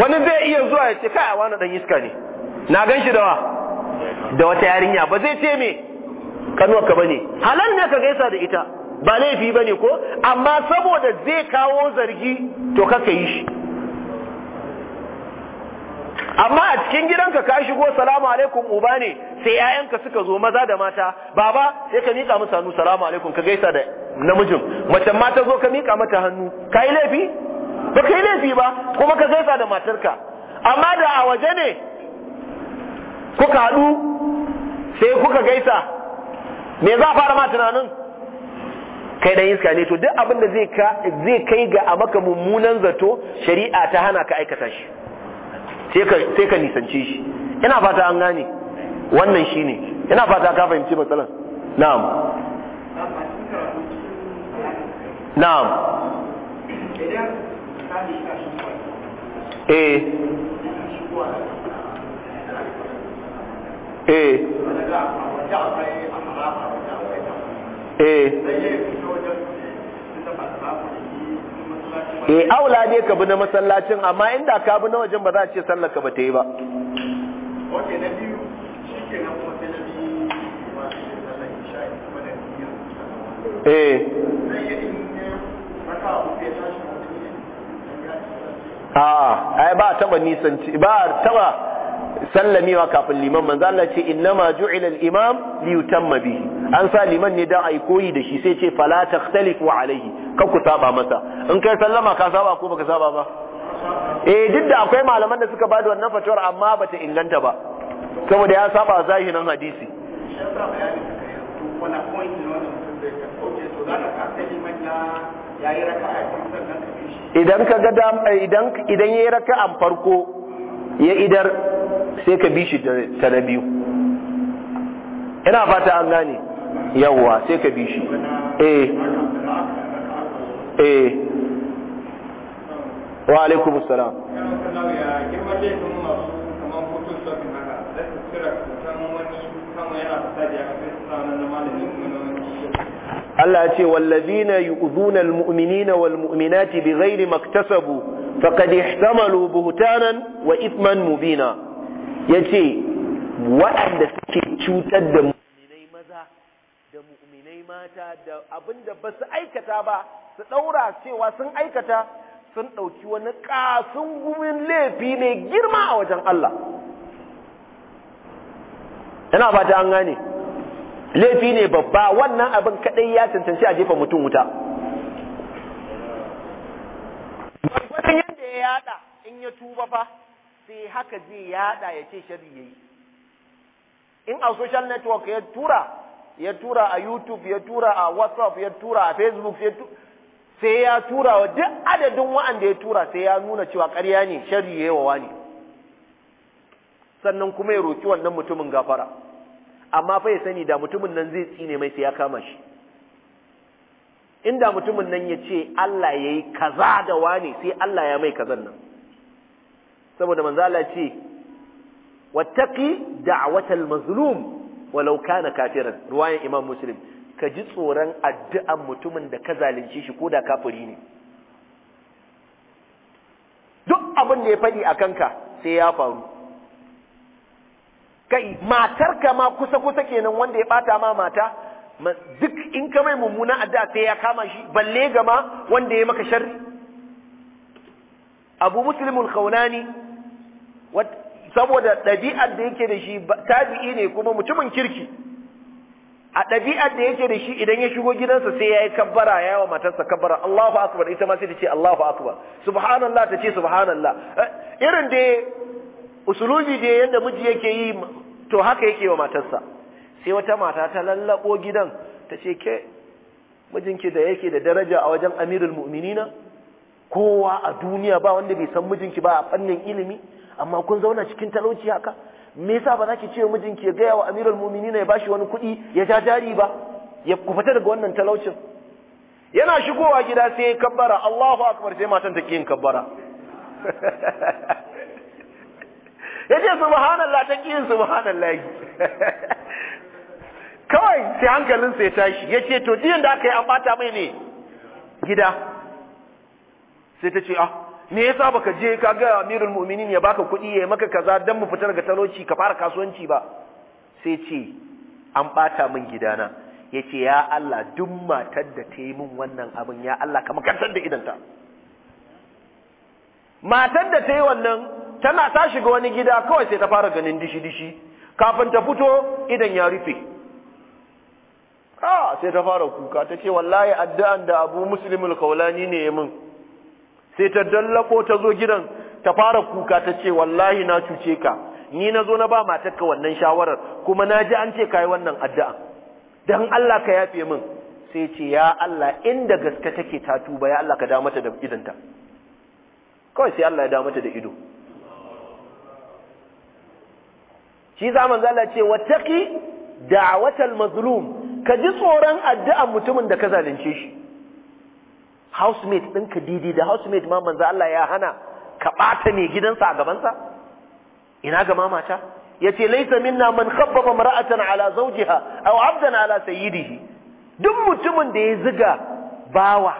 wani zai iya zuwa ya ce kai a wani dan iska ne na gan shi da wa da wata yarinya ba zai ce me kanuwarka bane halal ne ka gaisa da ita ba laifi bane ko amma saboda zai kawo zargi to kaka yi shi amma a cikin gidanka ka shigo salamu alaikum uba ne sai yayanka suka zo maza da mata baba sai ka mika musu hannu salamu alaikum ka gaisa da namijin mace ma ta zo ka mika mata hannu ka yi laifi ba ka yi laifi ba kuma ka gaisa da matarka amma da a waje ne kuka haɗu sai kuka gaisa me za a fara ma tunanin kai da iska ne to duk abin da zai zai kai ga a maka mummunan zato shari'a ta hana ka aikata shi sai ka sai ka nisanci shi ina fata an gane wannan shine ina fata ka fahimci matsalan na'am na'am eh Eh. eh eh aula ne ka bi na masallacin amma inda ka bi na wajen ba za a ce sallaka ba ta yi ba eh ah ai ba taba nisanci ba taba sallamewa kafin liman manzo Allah ce innama ju'ila al-imam liyutamma bihi an sa liman ne dan ai koyi da shi sai ce fala takhtalifu alayhi kan ku saba masa in kai sallama ka saba ko baka saba ba eh duk da akwai malaman da suka bada wannan fatuwar amma bata inganta ba saboda ya saba zahirin hadisi idan ka ga eh, idan idan yayi raka'an farko ya idar sai ka bi shi ta na biyu ina fata an gane yawwa sai ka bi shi eh eh wa alaikum salam Allah ya ce wallazina yu'dhuna almu'minina walmu'minati bighayri maktasabu faqad ihtamalu buhtanan wa ithman mubina ya ce waɗanda suke cutar da mu'minai maza da mu'minai mata da abinda ba su aikata ba su ɗaura cewa sun aikata sun ɗauki wani ƙasun gumin laifi ne girma a wajen Allah yana ba ta an gane laifi ne babba wannan abin kaɗai ya cancanci a jefa mutum wuta gwargwadon yadda ya yada in ya tuba fa sai haka zai yada ya ce shari ya yi in a social network ya tura ya tura a YouTube ya tura a WhatsApp ya tura a Facebook sai ya tura wa duk adadin wa'anda ya tura sai ya nuna cewa karya ne ya yayi wa wani sannan kuma ya roki wannan mutumin gafara amma fa ya sani da mutumin nan zai tsine mai sai ya kama shi inda mutumin nan ya ce Allah ya yi kaza da wani sai Allah ya mai kazan nan saboda manzo Allah ce wattaqi da'watal mazlum walau kana kafiran ruwayan imam muslim ka ji tsoron addu'an mutumin da ka zalunce shi ko da kafiri ne duk abin da ya faɗi a kanka sai ya faru kai matarka ma kusa-kusa kenan wanda ya bata ma mata duk in ka mai mummuna addu'a sai ya kama shi balle gama wanda ya maka sharri abu muslimul kaunani saboda ɗabi'ar da yake da shi tabi'i ne kuma mutumin kirki a ɗabi'ar da yake da shi idan ya shigo gidansa sai ya yi kabbara ya wa matarsa kabbara Allahu akbar ita ma sai ta ce Allahu akbar subhanallah ta ce subhanallah eh, irin da usulubi da yanda miji yake yi to haka yake wa matarsa sai wata mata ta lallabo gidan ta ce ke mijinki da yake da daraja a wajen amirul mu'minina kowa a duniya ba wanda bai san mijinki ba a fannin ilimi amma kun zauna cikin talauci haka me yasa ba za ki ce mijinki ya gaya wa amirul mu'minin ya bashi wani kuɗi ya ja jari ba ya ku fita daga wannan talaucin yana shigowa gida sai ya kabbara Allahu akbar sai matan take yin kabbara yace subhanallah take yin subhanallah kawai sai hankalinsa ya tashi yace to diyan da aka yi an bata mai ne gida sai ta ce ah me yasa baka je ka ga amirul mu'minin ya baka kuɗi ya maka kaza dan mu fita daga talauci ka fara kasuwanci ba sai ce an bata min gidana yace ya Allah duk matar da ta yi min wannan abin ya Allah ka makantar da idanta matar da ta yi wannan tana ta shiga wani gida kawai sai ta fara ganin dishi dishi kafin ta fito idan ya rufe ah sai ta fara kuka tace wallahi addu'an da Abu Muslimul kaulani ne ya min sai ta dallako ta zo gidan ta fara kuka ta ce wallahi na cuce ka ni na zo na ba matarka wannan shawarar kuma na ji an ce ka yi wannan addu'a don Allah ka yafe min sai ce ya Allah inda gaske take ta tuba ya Allah ka da mata da idanta kawai sai Allah ya da mata da ido shi zaman zala ce wataki da'awatal mazlum ka ji tsoron addu'an mutumin da ka zalunce shi housemate ɗinka didi da housemate ma manzo Allah ya hana ka ɓata mai gidansa a gabansa ina ga mamata ce laisa minna man khabbaba mar'atan ala zawjiha aw 'abdan ala sayyidihi duk mutumin da ya ziga bawa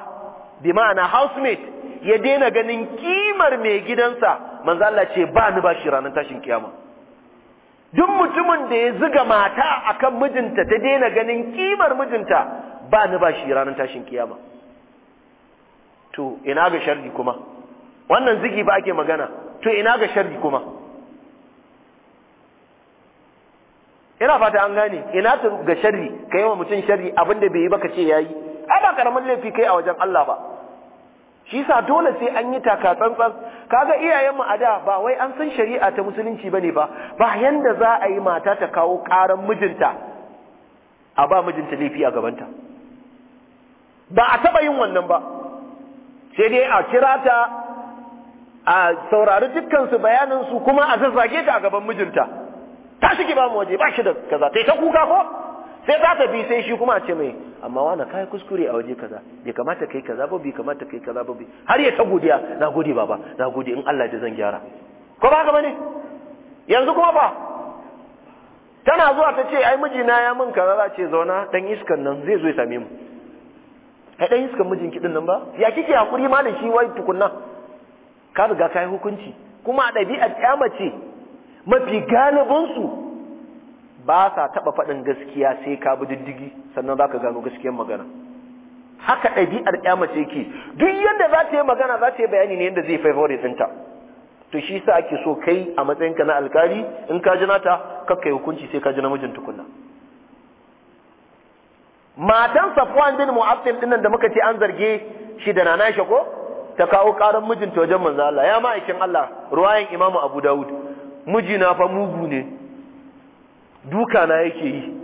bi ma'ana housemate ya daina ganin kimar mai gidansa manzo Allah ce ba ni bashi ranar tashin kiyama duk mutumin da ya ziga mata akan mijinta ta daina ganin kimar mijinta ba ni bashi ranar tashin kiyama to ina ga sharri kuma wannan zigi ba ake magana to ina ga sharri kuma ina fata an gane ina ta ga sharri ka yi wa mutum sharri abinda bai yi ba ka ce ya yi ai ba karamin laifi kai a wajen Allah ba shi sa dole sai an yi taka tsantsan kaga iyayenmu a da ba wai an san shari'a ta musulunci bane ba ba yanda za a yi mata ta kawo karan mijinta a ba mijinta laifi a gabanta ba a taba yin wannan ba sai dai a kira ta a saurari dukkansu bayaninsu kuma a zazzage ta a gaban mijinta ta shige ba mu waje ba shi da kaza ta ta kuka ko sai za ta bi sai shi kuma a ce mai amma wani kai kuskure a waje kaza bai kamata kai kaza ba bai kamata kai kaza ba har ya ta godiya na gode baba na gode in Allah ya zan gyara ko ba haka bane yanzu kuma ba tana zuwa ta ce ai mijina ya min kaza za ce zauna dan iskan nan zai zo ya same mu Kaɗan yi suka mijin kiɗin nan ba ya kike hakuri ma da shi wai tukunna ka riga kai hukunci kuma a ɗabi'ar kyamace mafi galibinsu ba sa taɓa faɗin gaskiya sai ka bi diddigi sannan za ka gano gaskiyar magana haka ɗabi'ar kyamace ke, duk yadda za ta yi magana za ta yi bayani ne yadda zai faifore ɗinta to shi sa ake so kai a matsayinka na alkali in ka ji nata kakka yi hukunci sai ka ji namijin tukunna matan safwan bin mu'attil dinnan da muka ce an zarge shi da nana shi ko ta kawo karan mijinta wajen manzo Allah ya ma'aikin Allah ruwayan imamu abu daud mijina fa mugu ne duka na yake yi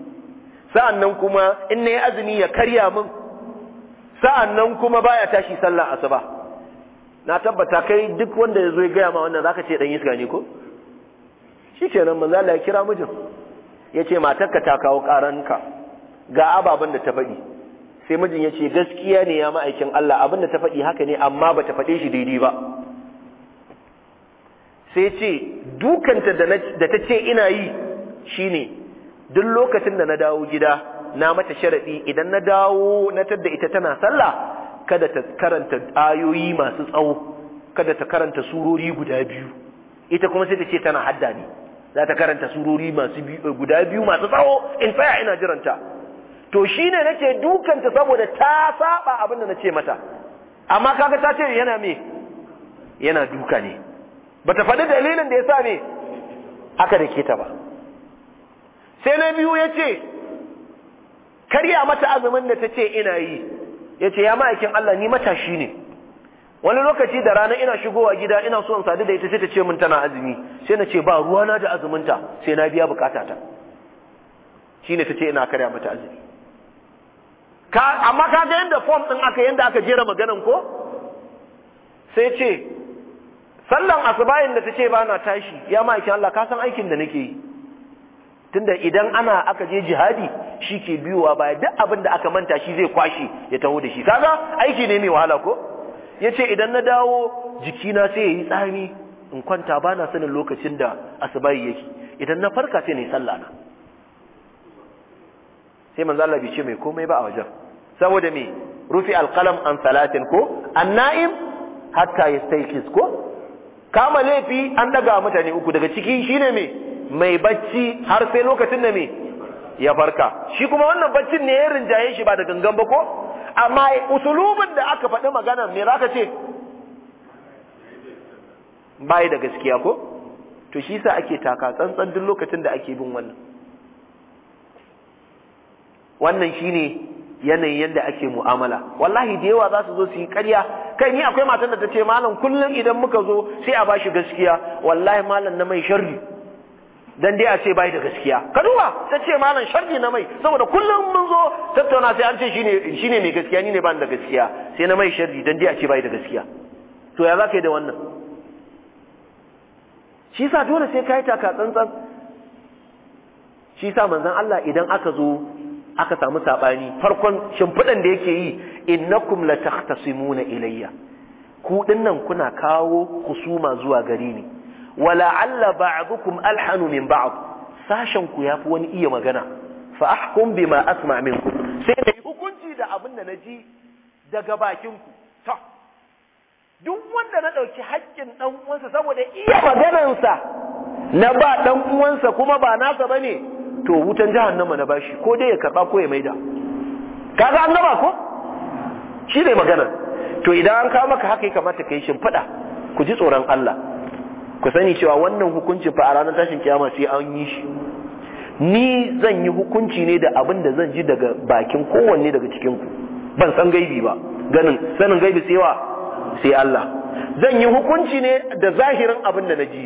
sa'annan kuma in nayi azumi ya karya min sa'annan kuma baya tashi sallah asuba na tabbata kai duk wanda yazo ya gaya ma wannan zaka ce dan iska ne ko shikenan manzo Allah ya kira mijin yace matarka ta kawo karanka ga ababen da ta faɗi sai mijin ya ce gaskiya ne ya ma'aikin Allah abin da ta faɗi haka ne amma ba ta faɗe shi daidai ba sai ce dukanta da ta ce ina yi shine duk lokacin da na dawo gida na mata sharaɗi idan na dawo na tadda ita tana sallah kada ta karanta ayoyi masu tsawo kada ta karanta surori guda biyu ita kuma sai ta ce tana hadda ne za ta karanta surori masu guda biyu masu tsawo in tsaya ina jiranta to shine ce dukanta saboda ta saba abin da ce mata amma kaga ta ce yana me yana duka ne Ba ta faɗi dalilin da ya yasa me da ke ta ba sai na biyu ya ce karya mata azumin da ta ce ina yi yace ya ma'aikin Allah ni mata shi ne wani lokaci da rana ina shigowa gida ina so in sadu da ita sai ta ce min tana azumi sai na ce ba ruwana da azuminta sai na biya bukatata ta ce ina karya mata azumi amma ka ga yadda form ɗin aka yadda aka jera maganan ko sai ce sallan asubayin da ta ce ba na tashi ya ma'aikin Allah ka aikin da nake yi tunda idan ana aka je jihadi shi ke biyowa baya duk abin da aka manta shi zai kwashe ya taho da shi kaga aiki ne mai wahala ko ya ce idan na dawo jikina sai ya yi tsami in kwanta ba na sanin lokacin da asubayi yake idan na farka sai na yi sallah na sai manzo Allah bai ce mai komai ba a wajen saboda me rufi alqalam an salatin ko annaim hatta yastayqis ko kama laifi an daga mutane uku daga ciki shine me mai bacci har sai lokacin da me ya farka shi kuma wannan baccin ne ya rinjaye shi ba da gangan ba ko amma usulubin da aka faɗi magana me zaka ce bai da gaskiya ko to shi sa ake taka tsantsan duk lokacin da ake bin wannan wannan shine yanayin yadda ake mu'amala wallahi da yawa za su zo su yi ƙarya kai ni akwai matan da ta ce malam kullum idan muka zo sai a bashi gaskiya wallahi malam na mai sharri dan dai a ce bai da gaskiya ka duba ta ce malam sharri na mai saboda kullum mun zo tattauna sai an ce shine shine mai gaskiya ni ne ban da gaskiya sai na mai sharri dan dai a ce bai da gaskiya to ya zaka yi da wannan shi sa dole sai kai taka tsantsan shi sa manzon Allah idan aka zo aka samu sabani farkon shimfidan da yake yi innakum latahtasimuna ilayya ku dinnan kuna kawo kusuma zuwa gari ni wala alla ba'dukum alhanu min ba'd sashen ku yafi wani iya magana fa ahkum bima asma minkum sai da hukunci da abin da naji daga bakin ku duk wanda na dauki haƙƙin dan uwansa saboda iya maganarsa na ba dan uwansa kuma ba nasa bane to wutan jahannama na bashi ko dai ya karba ko ya maida kaga an gaba ko shi ne magana to idan an kawo maka haka ya kamata kai shimfiɗa ku ji tsoron Allah ku sani cewa wannan hukuncin fa a ranar tashin kiyama sai an yi shi ni zan yi hukunci ne da abin da zan ji daga bakin kowanne daga cikin ku ban san gaibi ba ganin sanin gaibi sai wa sai Allah zan yi hukunci ne da zahirin abin da na ji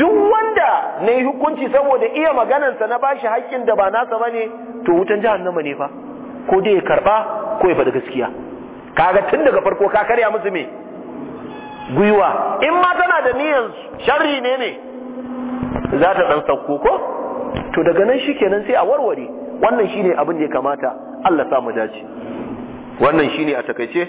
duk wanda na yi hukunci saboda iya maganansa na bashi haƙƙin da ba nasa ba ne, to wutan jahannama ne fa ko dai ya karɓa, ko ya faɗi gaskiya kaga tun daga farko ka karya musu me gwiwa in ma tana da niyan sharri ne ne za ta dan sauko ko to daga nan shi kenan sai a warware wannan shine abin da ya kamata Allah sa mu dace wannan shine a takaice